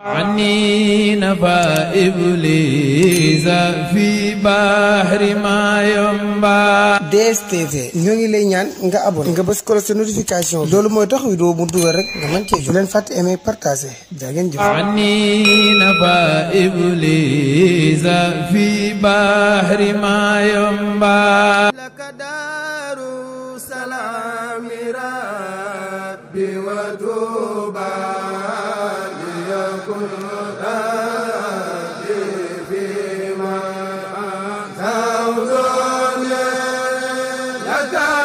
عني نبا إبليس في بحر ما ينبع DSTV ñoo ngi lay ñaan nga abonné nga bës ko sa notification loolu mooy tax vidéo mu dugal rek nga mën cee jot leen fàtte aimer partager jaa ngeen Da-da-da!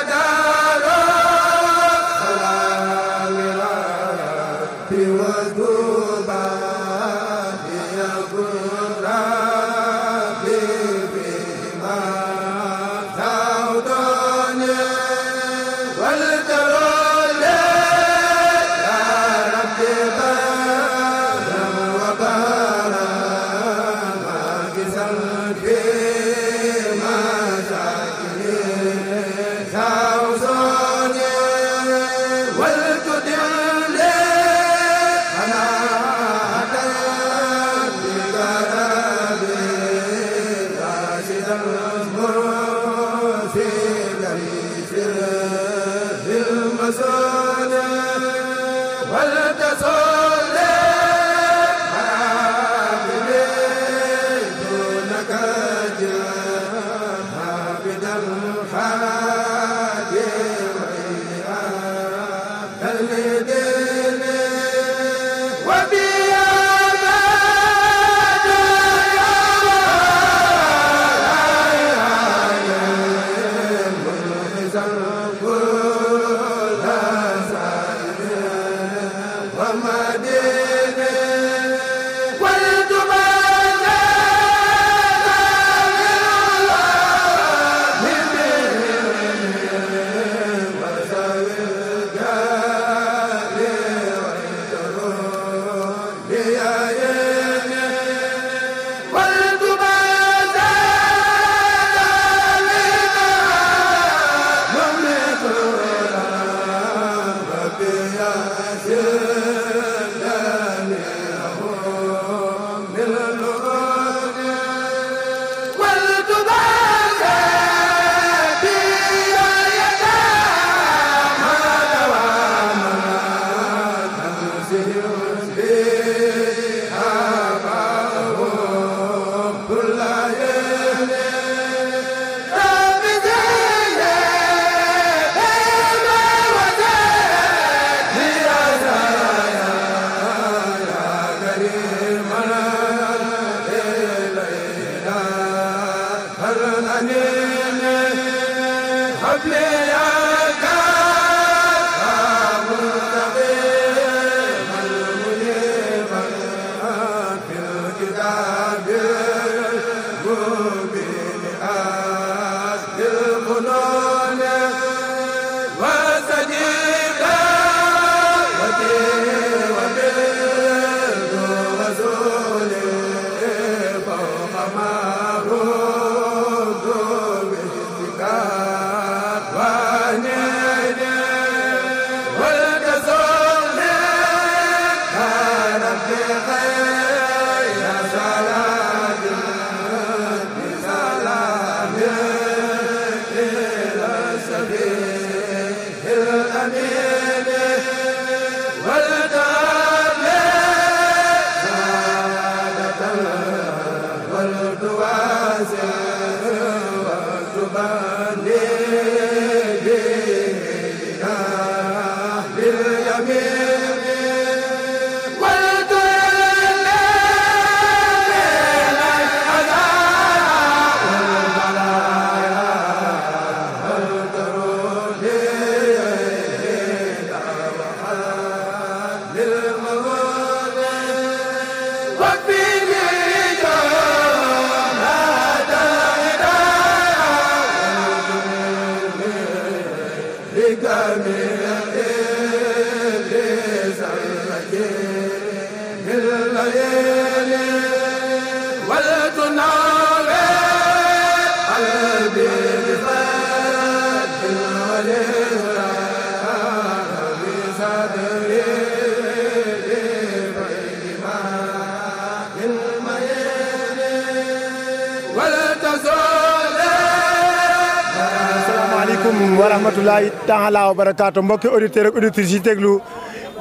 wa rahmatulahi taala wa barakaatu mbokki auditeurs ak auditrices yi déglu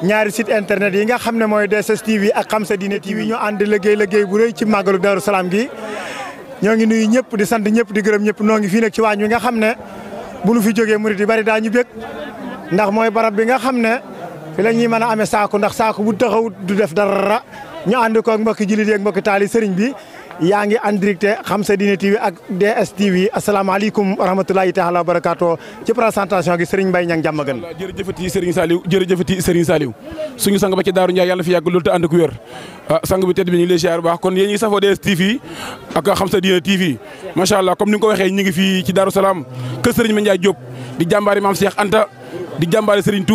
ñaari sit internet yi nga xam ne mooy de DSS TV ak Xam sa Diine TV ñoo ànd liggéey liggéey bu rëy ci màggalu Daaru Salaam gi ñoo ngi nuyu ñëpp di sant ñëpp di gërëm ñëpp noo ngi fii nag ci waañ wi nga xam ne bu nu fi jógee murit di bari daa ñu bég ndax mooy barab bi nga xam ne fi la ñuy mën a amee saako ndax saako bu taxaw du def dara ñu ànd ko ak mbokki jullit yi ak mbokki taali sëriñ bi yaa ngi en direct Khamsadine TV ak DSTV asalaamaaleykum wa rahmatulahi taala wa barakaatu ci présentation gi Serigne Mbaye Niang jàmm gën jërëjëfati Serigne Saliou jërëjëfati Serigne Saliou suñu sang ba ci Daaru Ndiaye yàlla fi yàgg loolu te ànd ku wér ah, sang bi tedd bi ñu ngi lay siyaar baax kon yéen ñi safoo DSTV ak Khamsadine TV macha allah comme ni ko waxee ñu ngi ci Daaru Salaam kër Serigne Mandiaye Diop di jàmbaari maam Cheikh Anta di jàmbaari Serigne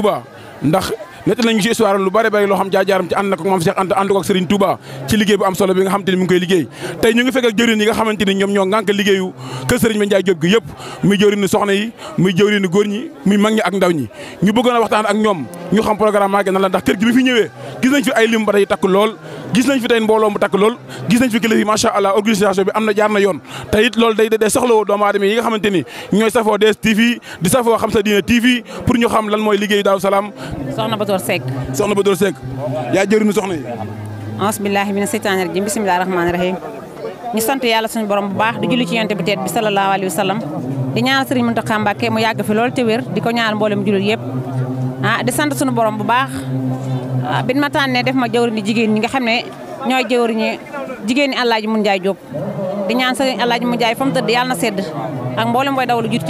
nett nañu ci histoire lu bare bare loo xam jaajaaram ci ànd na ko moom Cheikh Anta ànd ko ak Serigne Touba ci liggéey bu am solo bi nga xamante ni mu ngi koy liggéey tey ñu ngi fekk ak yi nga xamante a la ndax kër gi bi fi ñëwee gis am na jaar na yoon te it loolu day day ñooy safoo DS TV di safoo xam sa diine TV pour ñu xam lan mooy liggéeyu Daaru Batoor Seck soxna Batoor Seck yaa jëriñu soxna yi auzu billaahi mina seytaani rajiim bismillaahi rahmaani rahiim ñu sant yàlla suñu borom bu baax di julli ci yonent bi teet bi salallaahu alayhi wa sallam di ñaanal Sëriñ Muntaxa Mbàkke mu yàgg fi lool te wér di ko ñaanal mboolem jullit yëpp ah di sant suñu borom bu baax ah, bin ma tànnee def ma jawriñu jigéen ñi nga xam ne ñooy jawriñu jigéen ñi Alaaji Mun Njaay Jóob di ñaan Sëriñ Alaaji Mun Njaay fa mu tëdd yàlla na sedd ak mboolem booy daw lu jut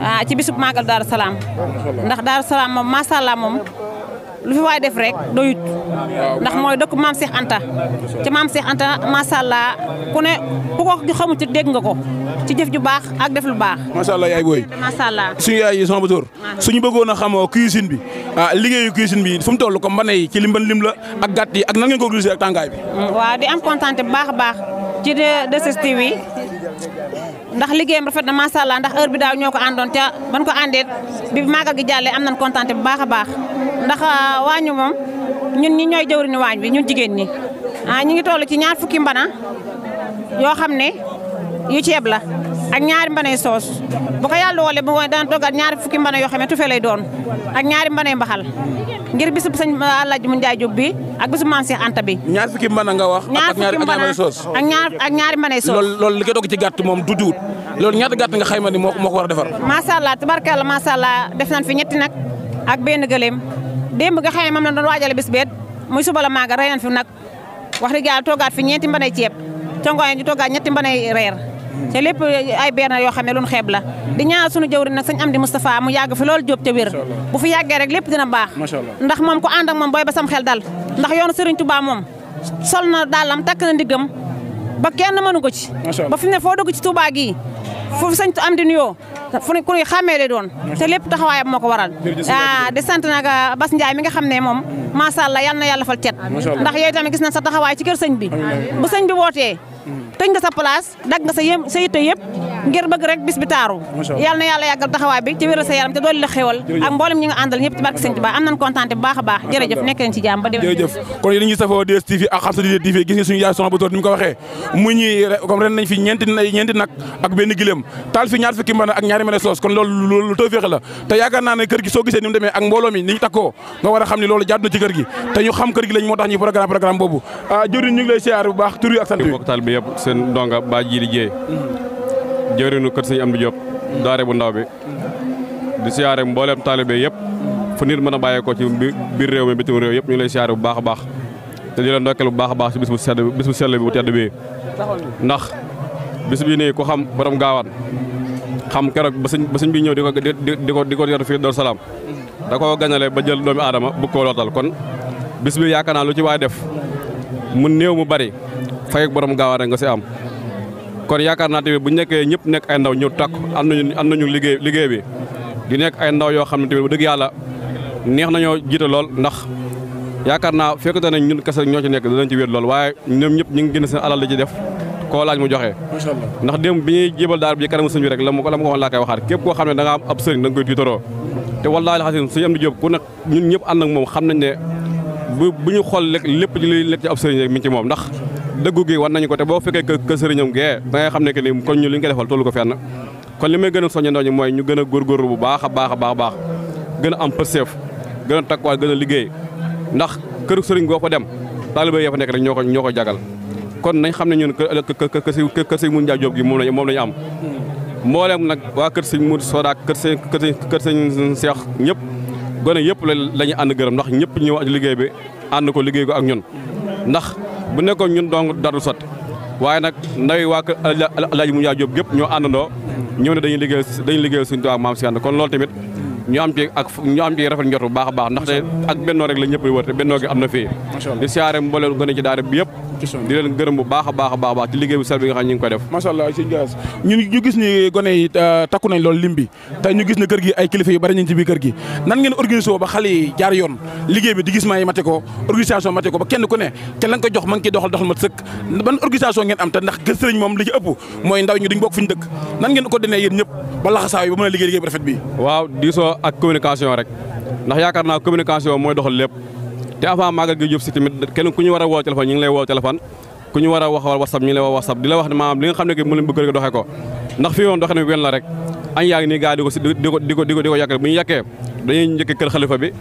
ah ci bisub màggal Daaru Salaam ndax Daaru Salaam moom macha allah moom lu fi waay def rek doyut ndax mooy dëkk maam Cheikh Anta ci maam Cheikh Anta macha allah ku ne ku ko xamul ci dégg nga ko ci jëf ju baax ak def lu baax. macha allah yaay booy. macha allah suñu yaay yi sama bëtóor suñu bëggoon a xamoo cuisine bi ah liggéeyu cuisine bi fu mu toll ko mbane yi ci limban lim la ak gàtt ak nan ngeen ko glisser ak tàngaay bi. Mm, waaw di am kontaan baax a baax ci 2STV yi ndax liggéeyam rafet na macha allah ndax heure bi daaw ñoo ko àndoon ca ban ko àndeet bi màggal gi jàllee am nañ kontaan bu baax a baax ndax ah, waañu moom ñun ñi ñooy jëwriñu waañ bi ñun jigéen nii ah ñu ngi toll ci ñaar fukki mbana yoo xam ne yu ceeb la ak ñaari mbanay soos bu ko yàlla woolee bu ma daan toggal ñaari fukki mbanay yoo xam ne tufe lay doon ak ñaari mbanay mbaxal ngir bisub sëñ Alaaji mu Njaay Jóob bi ak bisub Maam Seex Anta bi. ñaar fukki mbana nga wax. ak ñaari mbanay soos ak ñaar ak ñaari mbanay soos. loolu loolu li ko dogg ci gàtt moom du juut loolu ñaata gàtt nga xayma ni moo ko war a defar. macha allah tabarkalla macha allah def nañ fi ñetti nag ak benn gëléem démb nga xam moom la doon waajale bis beet muy suba la maaga rey nañ fi nag wax dëgg yàlla toogaat fi ñeenti mbanay ceeb te ñu toogaat ñetti mbanay reer te lépp ay benn yo xamné luñ lu xeeb la di ñaanal suñu jëwri nak sëñ Amdi Moustapha mu yàgg fi lool jóob te wér bu fi yagge rek lépp dina baax ndax mom ko ànd ak mom boy ba sam xel dal ndax yoonu Serigne Touba mom sol na dàllam na ndiggam ba kenn mënu ko ci ba fi ne fo dogu ci Touba gi fu sëñ Amdi nuyoo fu ne ku ñu xamé lé doon te lépp taxawaayam am moko waral ah de sant nag Bas ndjay mi nga xamné mom ma sha allah yalla na yàlla fal cet ndax yeey tamit gis na sa taxaway ci kër sëñ bi bu sëñ bi woté tëj nga sa place dagg nga sa yem sa yitte yëpp ngir bëgg rek bis bi taaru yàlla na yàlla yàggal taxawaay bi ci sa yaram te dool la xewal ak mboolem ñi nga àndal ñëpp barke sëñ Tuubaa am nañ kontaan bu a baax jërëjëf jëwriñu kër am Amdi Diop daare bu ndaw bi di siyaare mbooleem taalibe yëpp fu nit mën a bàyyee ko ci biir réew mi bitim réew yëpp ñu ngi lay siyaare bu baax a baax te di leen ndokkeel bu baax baax ci bis bu sedd bis bu sell bi bu tedd bi ndax bis bii nii ku xam borom gaawaan xam keroog ba sëñ bi ñëw di ko di ko di ko yor fii Daaru Salaam da koo ganale ba jël doomi aadama bu ko lootal kon bis bi yaakaar naa lu ci waay def mu néew mu bari fay borom gaawaan rek nga si am kon yaakaar naa tamit bu ñu nekkee ñëpp nekk ay ndaw ñu takk am nañu am nañu liggéey liggéey bi di nekk ay ndaw yoo xam ne tamit bu dëgg yàlla neex nañoo jiite lool ndax yaakaar naa fekkute nañ ñun kese ñoo ci nekk danañ ci wéet lool waaye ñoom ñëpp ñu ngi gën seen alal li ci def koo laaj mu joxe ndax démb bi ñuy jébal daar bi kanamu sëñ bi rek la mu ko waxoon laa koy waxaat képp koo xam ne da am ab sëriñ da nga koy tiitaroo te wallaahi xasin suñu am ñëpp ànd ak moom xam nañ ne bu bu ñu xool lépp li nekk ci ab mi ngi ndax dëggu gi wan nañu ko te boo fekkee kër sëriñam gee da ngay xam ne que ni kon ñu li ñu ko defal tollu ko fenn kon li may gën a soññe ndaw ñi mooy ñu gën a góorgóorlu bu baax a baax a baax gën am pëseef gën a takkuwaay gën a liggéey ndax kër sëriñ boo fa dem taalibe ya fa nekk rek ñoo ko ñoo ko jagal kon nañ xam ne ñu ñun kër sëñ Moundiaye Diop gi moom lañ moom lañu am mboolem nag waa kër sëñ Mour Soda kër sëñ kër sëñ Seex ñëpp gone yëpp la la ànd gërëm ndax ñëpp ñëw liggéey bi ànd ko liggéey ko ak ñun ndax bu nekkoon ñun donc daru sot waaye nag ndawi waa kër Alaaji Moussa Diop gépp ñoo àndandoo ñëw ne dañuy liggéey dañuy liggéey suñu Tuubaa maam si ànd kon loolu tamit ñu am ci ak ñu am ci rafet njort baax a baax ndaxte ak bennoo rek la ñëpp wër te bennoo gi am na fii di siyaare mboolem gën a ci daara bi yëpp di leen gërëm bu baax a baax a baax ci liggéey bu sell nga xam ne def macha allah sëñ Gass ñu ñu gis ni gone euh, takku nañ loolu lim bi ñu gis ne kër gi ay kilifa yu bari nañ ci biir kër gi nan ngeen organisé woo ba xale jaar yoon liggéey bi di gis maa yi mate ko ba kenn ku ne te ko jox ma ngi ciy doxal doxal mat sëkk ban organisation ngeen am te ndax gën sëriñ moom li ci ëpp mooy ndaw ñu duñ bokk fi dëkk nan ngeen ko dinee yéen ñëpp a liggéey liggéey bu rafet bi waaw diisoo ndax yaakaar naa communication mooy doxal lépp te avant màggal gi jub si tamit kenn ku ñu war a woo téléphone ñu ngi lay woo téléphone ku ñu war a wax whatsapp ñu ngi lay woo whatsapp di la wax ne li nga xam ne mu leen bëgg rek doxee ko ndax fii woon doxee ne wenn la rek añ yaa ngi nii gars di ko di ko di ko di bu ñu yàqee dañuy njëkke kër xalifa bi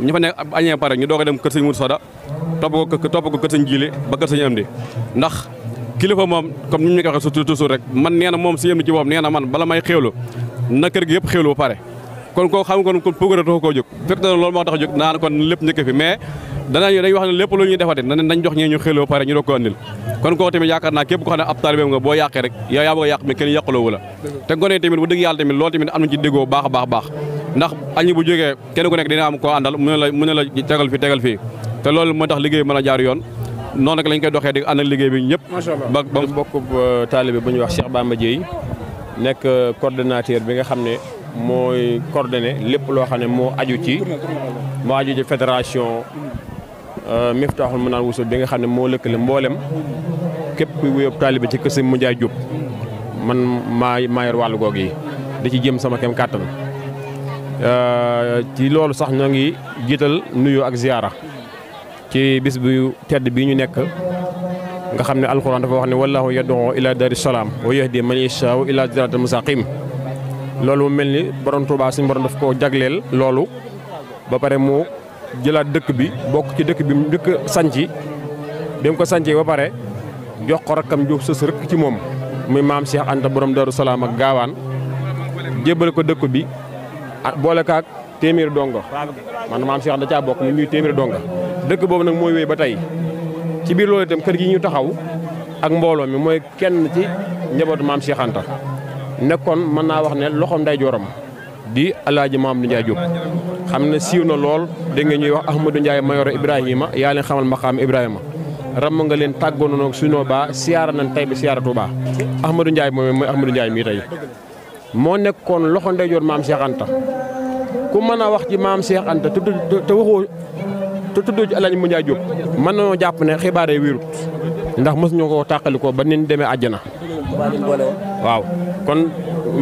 ñu fa nekk añee pare ñu doog a dem kër sëñ Mourou Soda topp ko kër sëñ Jili ba kër sëñ Amdi ndax kilifa moom comme nu ñu ko waxee toujours rek man nee na moom si yëm ci boppam nee na man bala may xéewlu na kër gi kon ko xam kon kon progrès taxu koo jóg fekk na loolu moo tax jóg naan kon lépp njëkk fi mais danañu dañuy wax ne lépp lu ñuy defati nañ jox ñee ñu xeloo pare ñu doog ko andil kon koo tamit yaakaar naa képp ko xam ne ab taalibeem nga boo yàqee rek yow yaa bëgg a yàq mais kenn yàqaloowu la te gone tamit bu dëgg yàlla tamit loolu tamit am na ci déggoo baax a baax baax ndax añi bu jógee kenn ku nekk dina am koo àndal mu ne la tegal fi te loolu moo tax liggéey man a jaar yoon noonu nag lañ koy doxee di ànd liggéey bi ñëpp ba bokk euh, taalibe bu ñuy wax Cheikh Bamba Dieye nekk euh, coordonnateur bi nga xam ne mooy coordonné lépp loo xam ne moo aju ci moo aju ci fédération euh, Miftahoul Mouna Wousoul bi nga xam ne moo lëkkale mboolem képp kuy wuyób taalibe ci kër mu Munjaay Jóob man maa maa yor wàllu yi da ci jëm sama kem kàttan euh, ci loolu sax ñoo ngi jiital nuyoo ak ziyaara ci bis bu tedd bi ñu nekk nga xam ne alxuraan dafa wax ne wallahu yad'u ila daari salaam wa yahdi man yashaa'u ila siraatal mustaqiim lolou melni borom Touba suñu borom daf ko jagleel lolou ba paré mu jëlaat dëkk bi bok ci dëkk bi dëkk sanci dem ko sancee ba paré jox ko rakam jox sës rek ci mom muy mam Cheikh Anta borom Darou temir ak gawan jëbël ko dëkk bi bolé boole témir téeméeri donga man mam Cheikh da ca bok ni muy témir donga dëkk bobu nak moy ba tay ci bir kër gi ñu taxaw ak mbolo mi moy kenn ci njabot mam Cheikh Anta nekkoon mën naa wax ne loxoom nday jooram di alaaji maam du Ndiaye Diop xam ne siiw na lool dégg nga ñuy wax Ahmadou Ndiaye Mayoro Ibrahima yaa leen xamal ma xaam Ibrahima ram nga leen tàggoon noonu suñu baa siyaara nañ tey bi siyaara Tuubaa Ahmadou Ndiaye moom mooy Ahmadou Ndiaye mii tey moo nekkoon loxo ndeyjoor maam Cheikh Anta ku mën a wax ci maam Cheikh Anta te waxoo te tuddoo ci El Hadj Moundiaye Diop mën nañoo jàpp ne xibaar yi ndax mos ñu ko tàqalikoo ba nin démé aljana waaw kon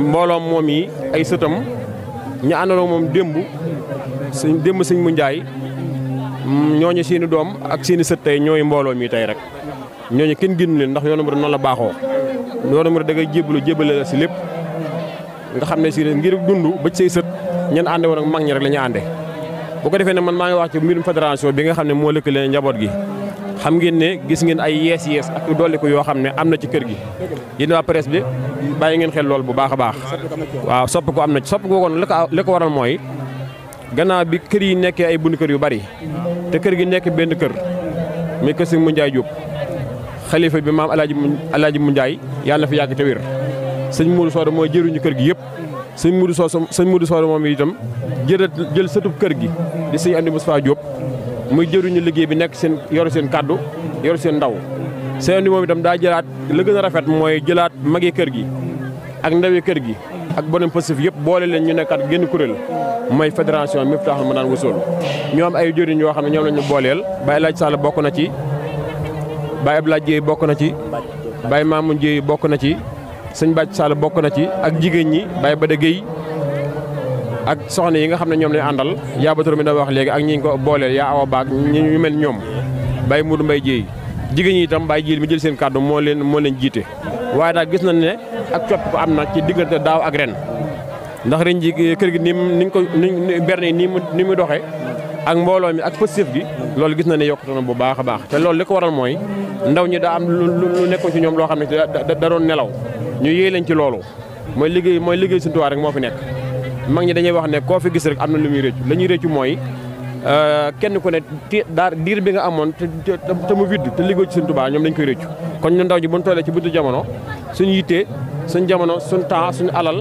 mbooloom moom yi ay sëtam ñu andalo mom dembu señ démb señ mu ndjay ñoñu seeni doom ak seeni sët tey ñooy mbooloo mi tay rek ñoñu kenn ginnu leen ndax yoonu mu noonu la baxo yoonu mu da ngay jéblu jébalé la ci lepp nga xamné ci ngir dundu ba ci say ñen andé won ak mag ñi rek lañu andé bu ko defee ne man ma ngi wax ci mbirum fédération bi nga xamné mo lekk lëkkale njabot gi xam ngeen ne gis ngeen ay yees yees ak dolliku yoo xam ne am na ci kër gi yéen waa presse bi bàyyi ngeen xel lool bu baax a baax waaw sopp ko am na ci sopp ko kon li ko waral mooy gannaaw bi kër yi nekkee ay bund kër yu bari te kër gi nekk benn kër muy kër si mu Njaay Jóob xalifa bi maam alaaji alaaji mu Njaay yàlla na fi yàgg te wér sëñ Moodu Sooda mooy jëruñu kër gi yëpp sëñ soo Sooda sëñ Moodu Sooda moom itam jël sëtu kër gi di sëñ Amdi Mustafaa muy jëruñu liggéey bi nekk seen yor seen kàddu yor seen ndaw seen moom tam daa jëlaat la a rafet mooy jëlaat magi kër gi ak ndawi kër gi ak boneen pasif yëpp boole leen ñu nekkaat génn kuréel mooy fédération Miftaahul Manaan Wassoul ñoo ñoom ay jëriñ yoo xam ne ñoom la ñu booleel Baye Laaj saal bokk na ci Baye Abdoulaye Jéey bokk na ci bay Mamoun Jéey bokk na ci sëñ Baaj Sall bokk na ci ak jigéen ñi bay Bada Guèye ak soxna yi nga xam ne ñoom lañ àndal yaa batoro mi da wax léegi ak ñi ñu ko booleel yaa awa baag ñi ñu mel ñoom Baye Moudou mbay Dieye jigéen ñi itam Baye Dieye mi jël seen kàddu moo leen moo leen jiite waaye daal gis nañ ne ak copp ko am na ci diggante daaw ak ren ndax ren ji kër gi ni niñ ko ni berne ni mu ni mu doxee ak mbooloo mi ak positif gi loolu gis na ne yokkute na bu baax a baax te loolu li ko waral mooy ndaw ñi daa am lu nekkoon ci ñoom loo xam ne da doon nelaw ñu yéey leen ci loolu mooy liggéey mooy liggéey suñu tuwaa rek moo fi nekk mag ñi dañuy wax ne koo fi gis rek am na lu muy réccu la ñuy réccu mooy euh, kenn ku ne daar diir bi nga amoon te te mu widd te liggéey ci Sëñ ñoom dañ koy réccu kon ñu ndaw ñi bu ñu tollee ci buntu jamono suñu yittee suñ jamono suñ temps suñu alal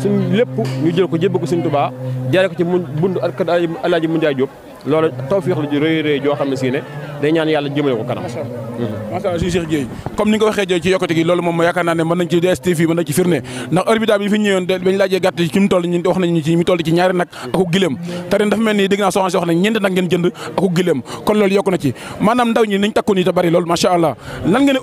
suñ lépp ñu jël ko jébbal ko Sëñ Tuubaa jaare ko ci mu bund ak Alaaji Munjaay Jóob loolu tawfeex la ju rëy rëy joo xam ne si ne day ñaan yàlla jëmale ko kanam macha mm-hmm. allah Cheikh Dieye comme ni nga ko waxee Dieye ci yokkute gi loolu moom ma yaakaar naa ne nañ ci DSTV mën nañ ci firnde ndax heure daal bi ñu allah lan ngeen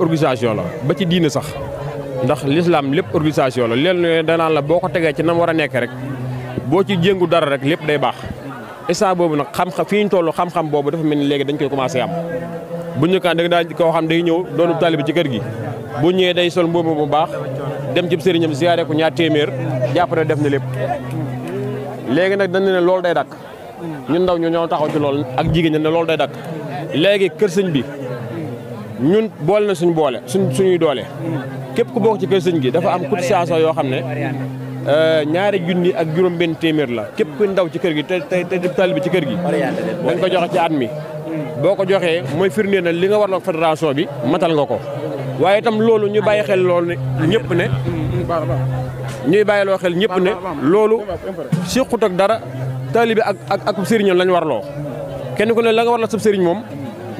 organisation la ba ci diine sax ndax l'islam lépp organisation la leen danaan la boo ko tegee ci nam war a nekk rek boo ci jéngu dara rek lépp day baax instant boobu nag xam-xam ñu toll xam-xam boobu dafa mel ni léegi dañ koy commencé am bu njëkkaan daal daa koo xam day ñëw doonu taalibe ci kër gi bu ñëwee day sol mboobu mu baax dem ci sëriñam ziyaare ko ñaar téeméer jàppale def na lépp léegi nag dañ ne loolu day dakk ñu ndaw ñu ñoo taxaw ci lool ak jigéen ñi ne loolu day dakk léegi kër sëñ bi ñun boole na suñ boole suñ suñuy doole képp ku bokk ci kër sëñ gi dafa am cotisation yoo xam ne Euh, ñaari jundi ak juróom ben téeméer la képp ku ndaw ci kër gi té té te taalibe ci kër gi dañ ko jox ci admi boko joxé moy firné na li nga warloog fédération bi matal nga ko waaye itam lolu ñu bàyyi xel lolu ñepp né ne ñuy lo xel ñepp né lolu siqut ak dara talib ak ak ak sëriñam lañ warloo kenn ku ne la nga warloo sub serigne mom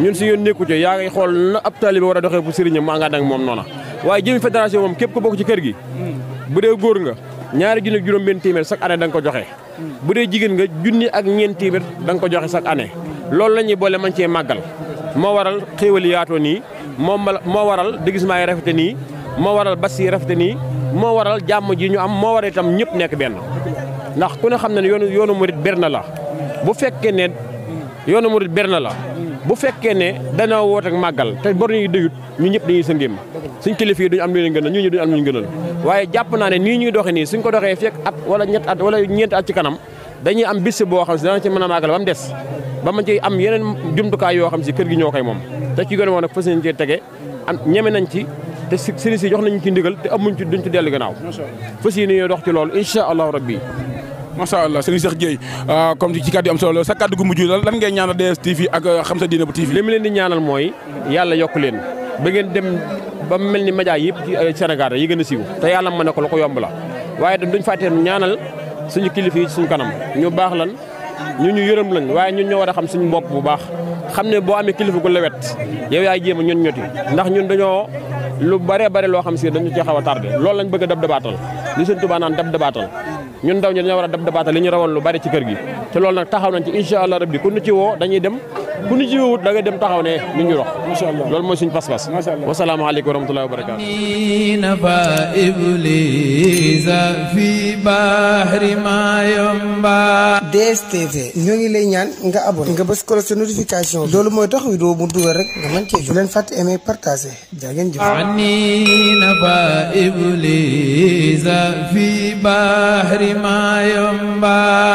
ñun si yoon neeku ci ya ngay xol na ab talib wara doxé bu serigne ma nga dang mom nona waye jëmi fédération mom képp ko bok ci kër gi bu dee nga ñaari junni ak juróom benn téeméer chaque année da joxe. Hmm. bu dee jigéen nga junni ak ñeent téeméer da nga ko joxe chaque année. loolu la ñuy boole man cee màggal moo waral xéewal yaatoo nii moo moo waral déguisement yi rafete nii moo waral bas yi rafete nii moo waral jàmm ji ñu am moo waral itam ñëpp nekk benn ndax ku ne xam ne ne yoonu yoonu murit ber na la bu fekkee ne yoonu murit ber na la bu fekkee ne dana woote ak màggal te bor yi dëyut ñu ñëpp dañuy sëngéem suñ kilifa yi duñu am lu leen gënal ñu ñu duñu am lu ñu gënal waaye jàpp naa ne nii ñuy doxee nii suñ ko doxee fekk at wala ñett at wala ñeenti at ci kanam dañuy am bis boo xam si dana ci mën a màggal ba mu des ba ma ci am yeneen jumtukaay yoo xam si kër gi ñoo koy moom te ci gën a woon nag fas nañ cee ñeme nañ ci te sëriñ si jox nañ ci ndigal te amuñ ci duñ ci dellu gannaaw fas yéene ñoo dox ci loolu incha allahu rabbi macha allah sëriñ Cheikh Dieye euh, comme ci kàddu am solo sa kàddu gu mujj lan ngay ñaanal DSTV ak euh, xam sa diine bu TV. li leen di ñaanal mooy yàlla yokk leen ba ngeen dem ba mel ni média yëpp ci euh, Sénégal yi gën a siiw te yàlla mën na ko lu ko yomb la waaye duñ fàtte ñaanal suñu kilifa yi suñu kanam ñu baax lan ñu ñu yërëm lañ waaye ñun ñoo war a xam suñu bopp bu baax xam ne boo amee kilifa gu lewet yow yaay jéem a ñun ñoti ndax ñun dañoo lu bare bare loo xam si dañu ci xaw loolu lañ bëgg a dab dabaatal li seen tubaa naan dab dabaatal ñun daw ñi dañoo war a dab dabaata li ñu rawoon lu bari ci kër gi te loolu nag taxaw nañ ci incha allah rabbi ku ñu ci woo dañuy dem ku ñu wut da nga dem taxaw ne mi ngi rox suñu pass pass wa salaamu alaykum wa rahmatullahi wa barakatu DSTV ñu ngi lay ñaan nga abonné nga bëss ko sa notification lool moy tax wi do mu duggal rek nga man ci ju leen fàtte aimer partager jaa ngeen jëf ani ba ibliza fi bahri ma ينبا